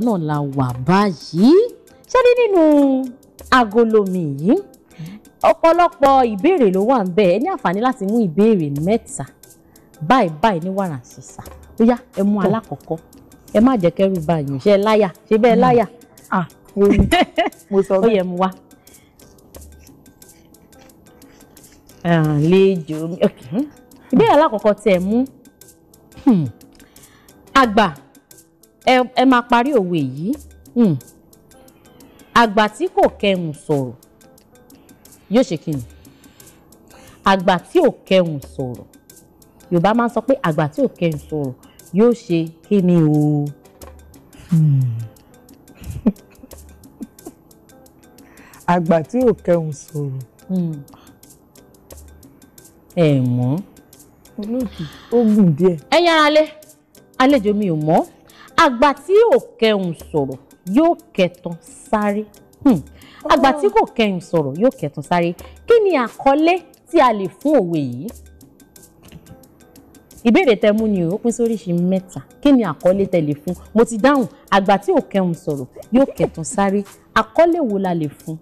náà la wà báyìí ṣé ní nínú agolo mi yìí ọ̀pọ̀lọpọ̀ ìbéèrè ló wà ń bẹ̀ ẹ ní àǹfààní láti mú ìbéèrè mẹ́ta báyìí báyìí ní wàrà ṣìṣà ó yá ẹ mú alákọ̀ọ́kọ́ ẹ má jẹ́ kẹ́rù bà yín ṣe láyà ṣe bẹ́ẹ̀ hmm. láyà ah, ah, mo sọ bẹ́ẹ̀ ó yẹ mu wá. ìbéèrè alákọ̀ọ́kọ́ tẹ̀ mú hmm. àgbà ẹ máa parí òwe yìí hmm. àgbà tí kò kẹhùn sọ̀rọ̀ yóò ṣe kí ni àgbà tí ò kẹhùn sọ̀rọ̀ Yorùbá máa ń sọ pé àgbà tí ò kẹhùn sọ̀rọ̀ yóò ṣe kí ni o. Hmm. àgbà tí ò kẹhùn sọ̀rọ̀. Hmm. ẹ mọ̀. olóòtú ẹ yára lé àlejò mi ò mọ̀ àgbà tí ò kẹhùn sọ̀rọ̀ yóò kẹtàn sáré hmm. àgbà tí kò kẹhùn sọ̀rọ̀ yóò kẹtàn sáré kí ni àkọlé tí a lè fún òwe yìí ìbéèrè tẹ mú ni ó pín sóríṣi mẹ́ta kí ni àkọlé tẹ lè fún mo ti dáhùn àgbà tí ò kẹhùn sọ̀rọ̀ yóò kẹtàn sáré àkọlé wo la lè fún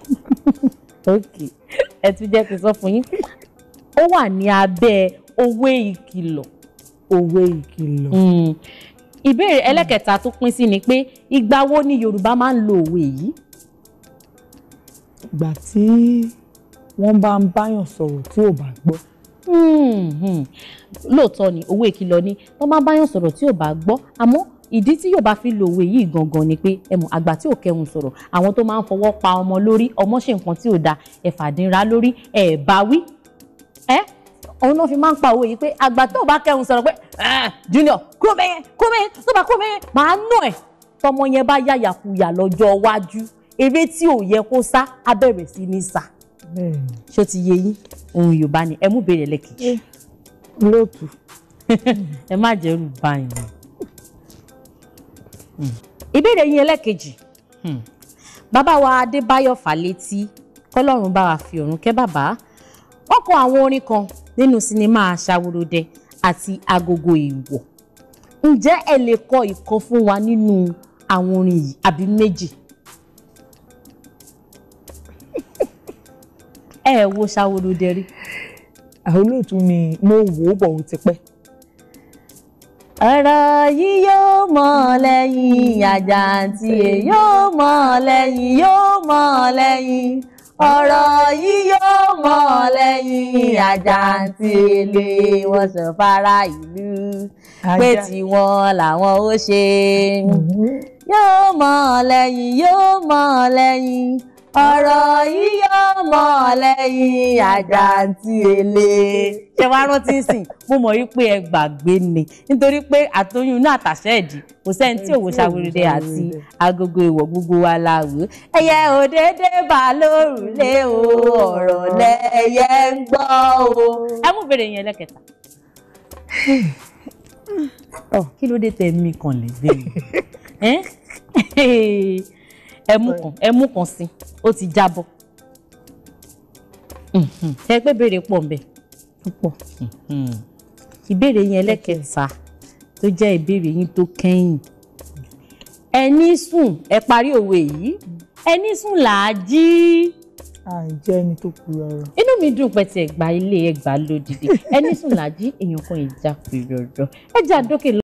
ok ẹ tún jẹ́ kí n sọ fún yín ó wà ní abẹ́ òwe ìkìlọ̀ òwe ìkìlọ̀ hmm ìbéèrè ẹlẹ́kẹta tó pín sí ni pé ìgbà wo ni Yorùbá máa ń lo òwe yìí. ìgbà tí wọ́n bá ń báyàn sọ̀rọ̀ tí ò bá gbọ́. Hmm, hmm. lóòótọ́ ni òwe ìkìlọ̀ ni wọ́n bá ń báyàn sọ̀rọ̀ tí ò bá gbọ́ àmọ́ ìdí tí Yorùbá fi lo òwe yìí gangan ni pé ẹmọ àgbà tí ò kẹhùn sọ̀rọ̀ àwọn tó máa ń fọwọ́ pa ọmọ lórí ọmọ ṣe nǹkan tí ò da ẹ̀fàdínra lórí ẹ̀ bá wí ẹ́ òun náà fi máa ń pa òwe yìí pé àgbà tó bá kẹhùn sọ̀rọ̀ pé Eh, junior kúrò bẹ́yẹn kúrò bẹ́yẹn sọ́ba kúrò bẹ́yẹn màá nù ẹ̀ tọmọ yẹn bá yàyàkuyà lọ́jọ́ iwájú eré tí ò yẹ kó sá á bẹ̀rẹ̀ sí ní sá ṣó ti yé yín ohun yorùbá ni ẹ mú béèrè lẹ́kìtì. Eh, lóòtù ẹ má jẹ́rù báyìí. Hmm. ìbéèrè yín ẹlẹ́kejì hmm. bàbá wa adébáyọ̀ fálétí kọ́lọ́run bá wa fi ọ̀run kẹ́ bàbá wọ́n àwọn orin kan nínú sinimá aṣàwòròdẹ àti agogo èèwọ̀ ǹjẹ́ ẹ lè kọ ìkan fún wa nínú àwọn orin yìí àbí méjì. ẹ wo ṣàwòrò dẹrí. àwọn olóòtú ni mo wò ó bọ̀ ó ti pẹ́. ọ̀rọ̀ yìí yóò mọ̀ lẹ́yìn àjàǹtì yóò mọ̀ lẹ́yìn yóò mọ̀ lẹ́yìn ọ̀rọ̀ yìí yóò mọ́ lẹ́yìn àjàǹtìlé wọ́n sọ fara ìlú pé tiwọn làwọn ó ṣe mm-hmm. yóò mọ́ lẹ́yìn yóò mọ́ lẹ́yìn ọ̀rọ̀ yíyọ mọ́ lẹ́yìn àgbà àti èlé. ṣé wàá rántí sìn mo mọ̀ yí pé ẹ gbàgbé ni nítorí pé àtoyún náà àtàṣẹ́ ẹ̀dì kò sẹ́ni tí òwò ṣàwùrìdẹ àti agogo ìwọ̀ gbogbo wa la wò. ẹyẹ òdédé bá lórùlé o ọ̀rọ̀ lẹ́yẹ ń gbọ́ o. ẹ mú bèrè yẹn lẹ́kẹ̀ta. Hmm. kí ló dé tẹ mí kan lè dé yìí ẹmú kan ẹmú kan sí ó ti jábọ́ ẹ pé béèrè pọ̀ ń bẹ púpọ̀ ìbéèrè yẹn ẹlẹ́kẹta tó jẹ́ ìbéèrè yín tó kẹ́yìn ẹni sùn ẹ parí òwe yìí ẹni sùn là á jí. à ń jẹ́ ẹni tó kú rárá. inú mi dùn pẹ̀tì ẹ̀gbá ilé ẹ̀gbá lódìdí ẹni sùn là á jí èèyàn kan ìjà pèrè ọ̀dọ́ ẹ jẹ́ àdókè lọ.